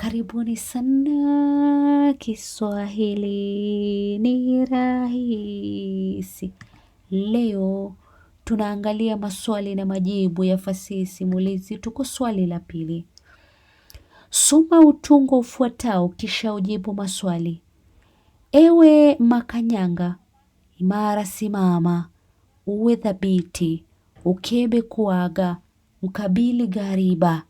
Karibuni sana Kiswahili ni rahisi. Leo tunaangalia maswali na majibu ya fasihi simulizi. Tuko swali la pili. Soma utungo ufuatao kisha ujibu maswali. Ewe makanyanga, imara simama, uwe thabiti, ukebe kuaga, mkabili ghariba,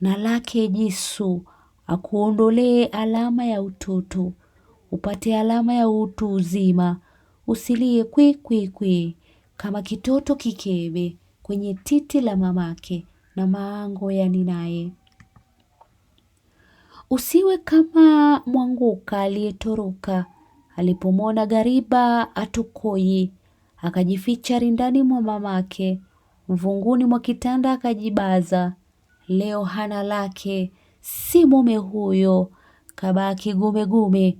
na lake jisu akuondolee alama ya utoto, upate alama ya utu uzima, usilie kwi kwi kwi kama kitoto kikebe kwenye titi la mamake na maango ya ninaye. Usiwe kama mwanguka aliyetoroka alipomwona gariba atukoi, akajificha rindani mwa mamake, mvunguni mwa kitanda akajibaza, leo hana lake, si mume huyo, kabaki gumegume.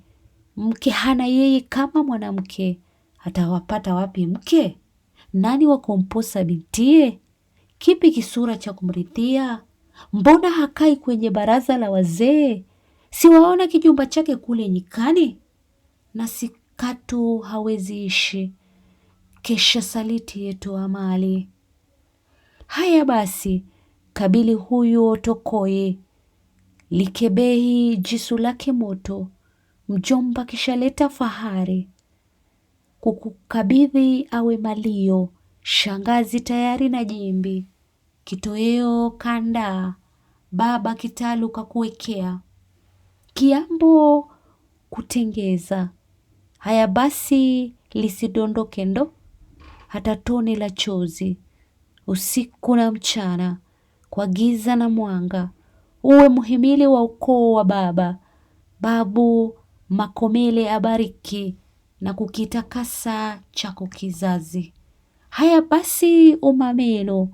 Mke hana yeye, kama mwanamke atawapata wapi mke? Nani wa kumposa bintie? Kipi kisura cha kumridhia? Mbona hakai kwenye baraza la wazee? Siwaona kijumba chake kule nyikani, na sikatu hawezi ishi, kesha saliti yetu amali. Haya basi kabili huyu otokoye, likebehi jisu lake moto, mjomba kishaleta fahari, kukukabidhi awe malio, shangazi tayari na jimbi kitoeo kandaa, baba kitalu kakuwekea, kiambo kutengeza. Haya basi lisidondoke ndo hata tone la chozi usiku na mchana, kwa giza na mwanga, uwe mhimili wa ukoo wa Baba. Babu Makomele abariki na kukitakasa chako kizazi. Haya basi, umameno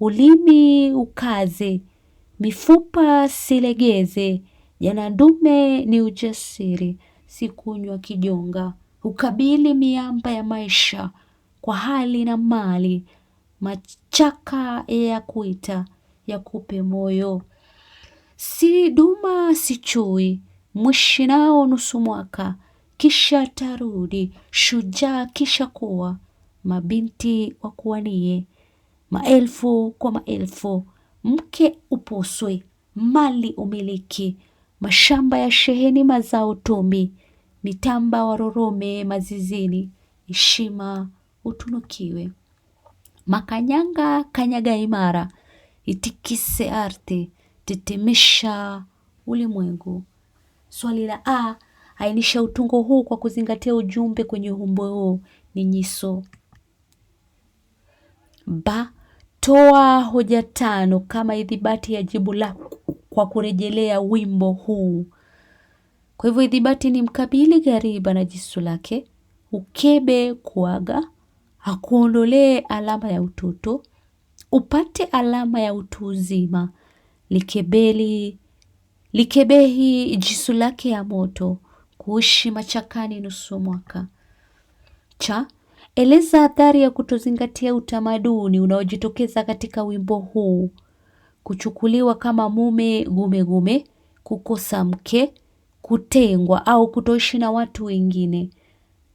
ulimi ukaze, mifupa silegeze, jana ndume ni ujasiri, sikunywa kijonga, ukabili miamba ya maisha kwa hali na mali, machaka ya kuita yakupe moyo. Si duma si chui, nao nusu mwaka, kisha tarudi, shujaa kisha kuwa, mabinti kuwanie, maelfu kwa maelfu, mke uposwe, mali umiliki, mashamba ya sheheni mazao tumi, mitamba warorome mazizini, heshima utunukiwe. Makanyanga kanyaga imara, Itikise ardhi, tetemesha ulimwengu. Swali la A, ainisha utungo huu kwa kuzingatia ujumbe kwenye umbo huu ni nyiso. B, toa hoja tano kama idhibati ya jibu lako kwa kurejelea wimbo huu. Kwa hivyo idhibati ni mkabili ghariba na jisu lake, ukebe kuaga, akuondolee alama ya utoto, upate alama ya utu uzima, likebeli likebehi jisu lake ya moto, kuishi machakani nusu mwaka. Cha eleza athari ya kutozingatia utamaduni unaojitokeza katika wimbo huu: kuchukuliwa kama mume gumegume, kukosa mke, kutengwa au kutoishi na watu wengine.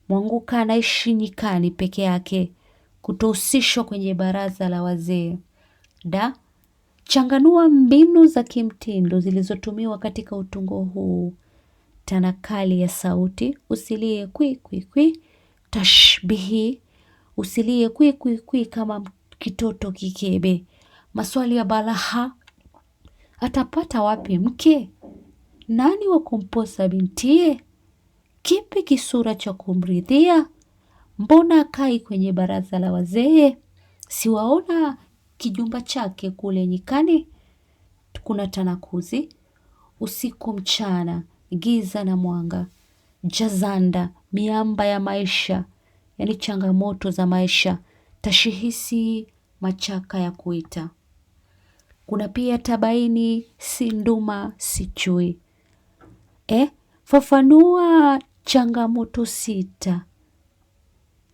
Mwanguka anaishi nyikani peke yake kutohusishwa kwenye baraza la wazee. da Changanua mbinu za kimtindo zilizotumiwa katika utungo huu: tanakali ya sauti, usilie kwi kwi kwi; tashbihi, usilie kwi kwi kwi kama kitoto kikebe; maswali ya balagha, atapata wapi mke? Nani wa kumposa bintie? Kipi kisura cha kumridhia? Mbona kai kwenye baraza la wazee? Siwaona kijumba chake kule nyikani. Kuna tanakuzi usiku mchana, giza na mwanga, jazanda, miamba ya maisha, yaani changamoto za maisha, tashihisi, machaka ya kuita. Kuna pia tabaini, si nduma, si chui. Eh, fafanua changamoto sita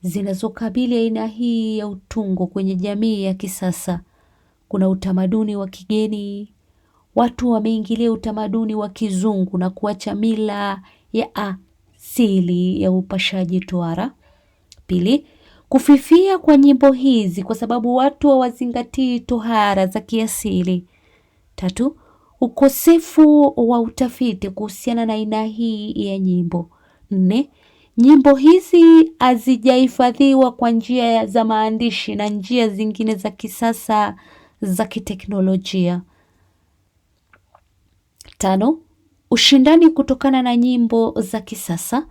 zinazokabili aina hii ya utungo kwenye jamii ya kisasa. Kuna utamaduni wa kigeni, watu wameingilia utamaduni wa kizungu na kuacha mila ya asili ya upashaji tohara. Pili, kufifia kwa nyimbo hizi kwa sababu watu hawazingatii tohara za kiasili. Tatu, ukosefu wa utafiti kuhusiana na aina hii ya nyimbo. Nne, Nyimbo hizi hazijahifadhiwa kwa njia za maandishi na njia zingine za kisasa za kiteknolojia. Tano, ushindani kutokana na nyimbo za kisasa.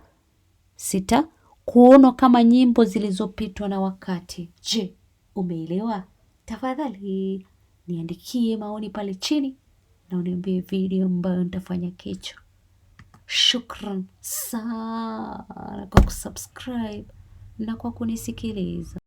Sita, kuonwa kama nyimbo zilizopitwa na wakati. Je, umeelewa? Tafadhali niandikie maoni pale chini na uniambie video ambayo nitafanya kesho. Shukran sana kwa kusubscribe na kwa kunisikiliza.